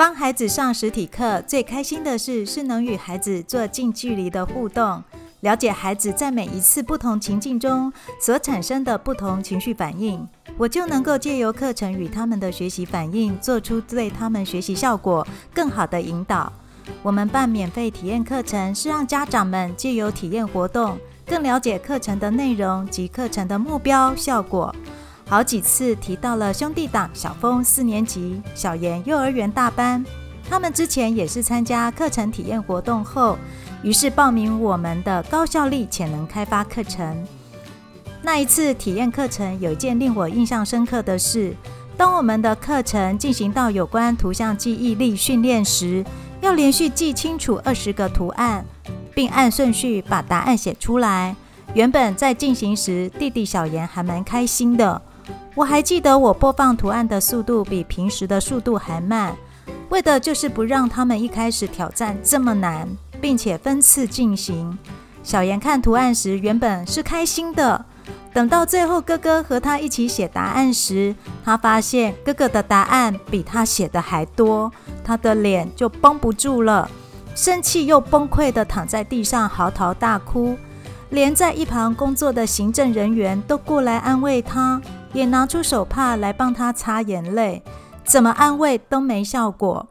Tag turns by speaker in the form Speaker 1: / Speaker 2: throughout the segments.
Speaker 1: 幫孩子上實體課最開心的事是，是能與孩子做近距離的互動，了解孩子在每一次不同情境中所產生的不同情緒反應，我就能夠借由課程與他們的學習反應，做出對他們學習效果更好的引導。我們辦免費體驗課程是讓家長們借由體驗活動，更了解課程的內容及課程的目標效果。好幾次提到了兄弟檔小峰四年級、小妍幼兒園大班，他們之前也是參加課程體驗活動後，於是報名我們的高效率潛能開發課程。那一次體驗課程有一件令我印象深刻的事：當我們的課程進行到有關圖像記憶力訓練時，要連續記清楚二十個圖案，並按順序把答案寫出來。原本在進行時，弟弟小妍還蠻開心的。我還記得，我播放圖案的速度比平時的速度還慢，為的就是不讓他們一開始挑戰這麼難，並且分次進行。小妍看圖案時原本是開心的，等到最後哥哥和他一起寫答案時，他發現哥哥的答案比他寫的還多，他的臉就繃不住了，生氣又崩潰的躺在地上嚎啕大哭，連在一旁工作的行政人員都過來安慰他。也拿出手帕來幫他擦眼淚，怎麼安慰都沒效果。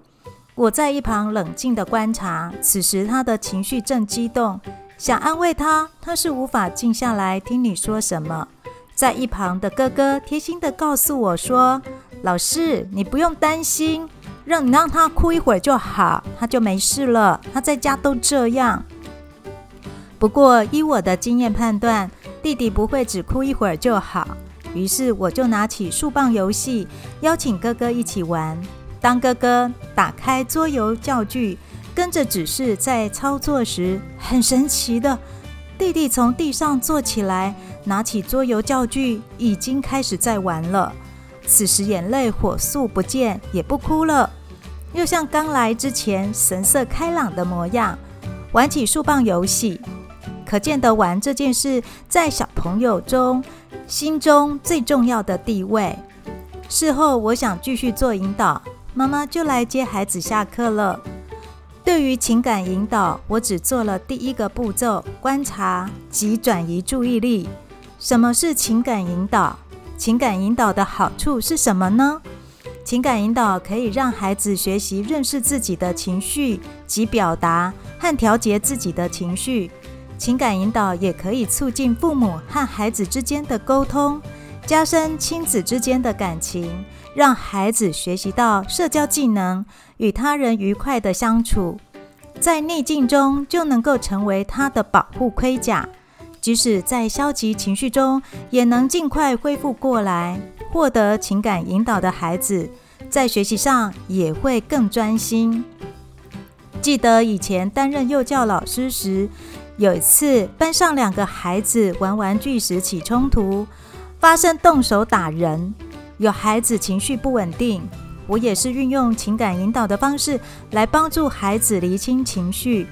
Speaker 1: 我在一旁冷靜地觀察，此時他的情緒正激動，想安慰他，他是無法靜下來聽你說什麼。在一旁的哥哥貼心地告訴我說：“老師，你不用擔心，讓你讓他哭一會兒就好，他就沒事了。他在家都這樣。”不過依我的經驗判斷，弟弟不會只哭一會兒就好。於是我就拿起樹棒遊戲，邀請哥哥一起玩。當哥哥打開桌遊教具，跟着指示在操作時，很神奇的，弟弟從地上坐起來，拿起桌遊教具，已經開始在玩了。此時眼淚火速不見，也不哭了，又像剛來之前神色開朗的模樣。玩起樹棒遊戲，可見得玩這件事在小朋友中。心中最重要的地位。事後，我想繼續做引導，媽媽就來接孩子下課了。對於情感引導，我只做了第一個步驟——觀察及轉移注意力。什麼是情感引導？情感引導的好處是什麼呢？情感引導可以讓孩子學習認識自己的情緒及表達，和調節自己的情緒。情感引導也可以促進父母和孩子之間的溝通，加深親子之間的感情，讓孩子學習到社交技能，與他人愉快的相處。在逆境中就能夠成為他的保護盔甲，即使在消極情緒中也能儘快恢復過來。獲得情感引導的孩子，在學習上也會更專心。記得以前擔任幼教老師時，有一次，班上兩個孩子玩玩具時起衝突，發生動手打人，有孩子情緒不穩定。我也是運用情感引導的方式來幫助孩子釐清情緒，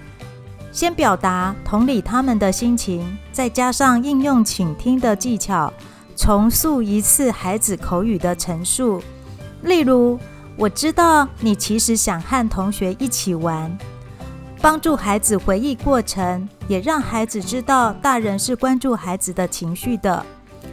Speaker 1: 先表達同理他們的心情，再加上應用傾聽的技巧，重述一次孩子口語的陳述。例如，我知道你其實想和同學一起玩。幫助孩子回憶過程，也讓孩子知道大人是關注孩子的情緒的。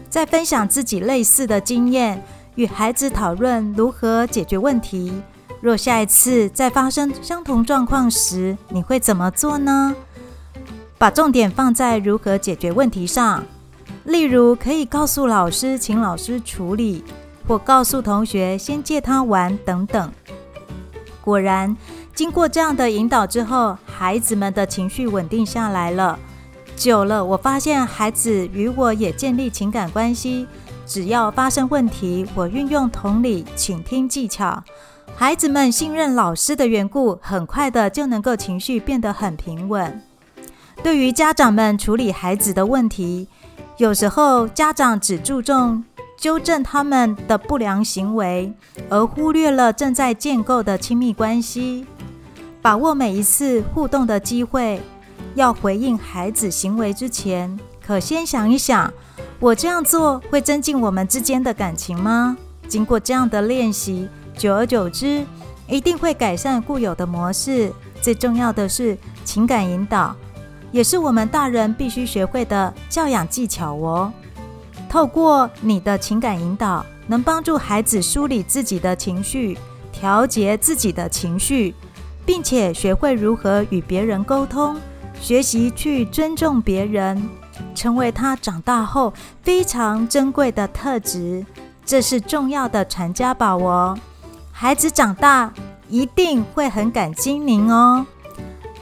Speaker 1: 再分享自己類似的經驗，與孩子討論如何解決問題。若下一次再發生相同狀況時，你會怎麼做呢？把重點放在如何解決問題上，例如可以告訴老師，請老師處理，或告訴同學先借他玩等等。果然。經過這樣的引導之後，孩子們的情緒穩定下來了。久了，我發現孩子與我也建立情感關係。只要發生問題，我運用同理、傾聽技巧，孩子們信任老師的緣故，很快的就能夠情緒變得很平穩。對於家長們處理孩子的問題，有時候家長只注重糾正他們的不良行為，而忽略了正在建構的親密關係。把握每一次互動的機會，要回應孩子行為之前，可先想一想：我這樣做會增進我們之間的感情嗎？經過這樣的練習，久而久之，一定會改善固有的模式。最重要的是情感引導，也是我們大人必須學會的教養技巧哦。透過你的情感引導，能幫助孩子梳理自己的情緒，調節自己的情緒。並且學會如何與別人溝通，學習去尊重別人，成為他長大後非常珍貴的特質。這是重要的傳家寶哦。孩子長大一定會很感激您哦。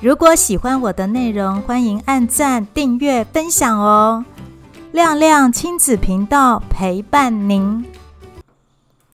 Speaker 1: 如果喜歡我的內容，歡迎按讚、訂閱、分享哦。亮亮親子頻道陪伴您。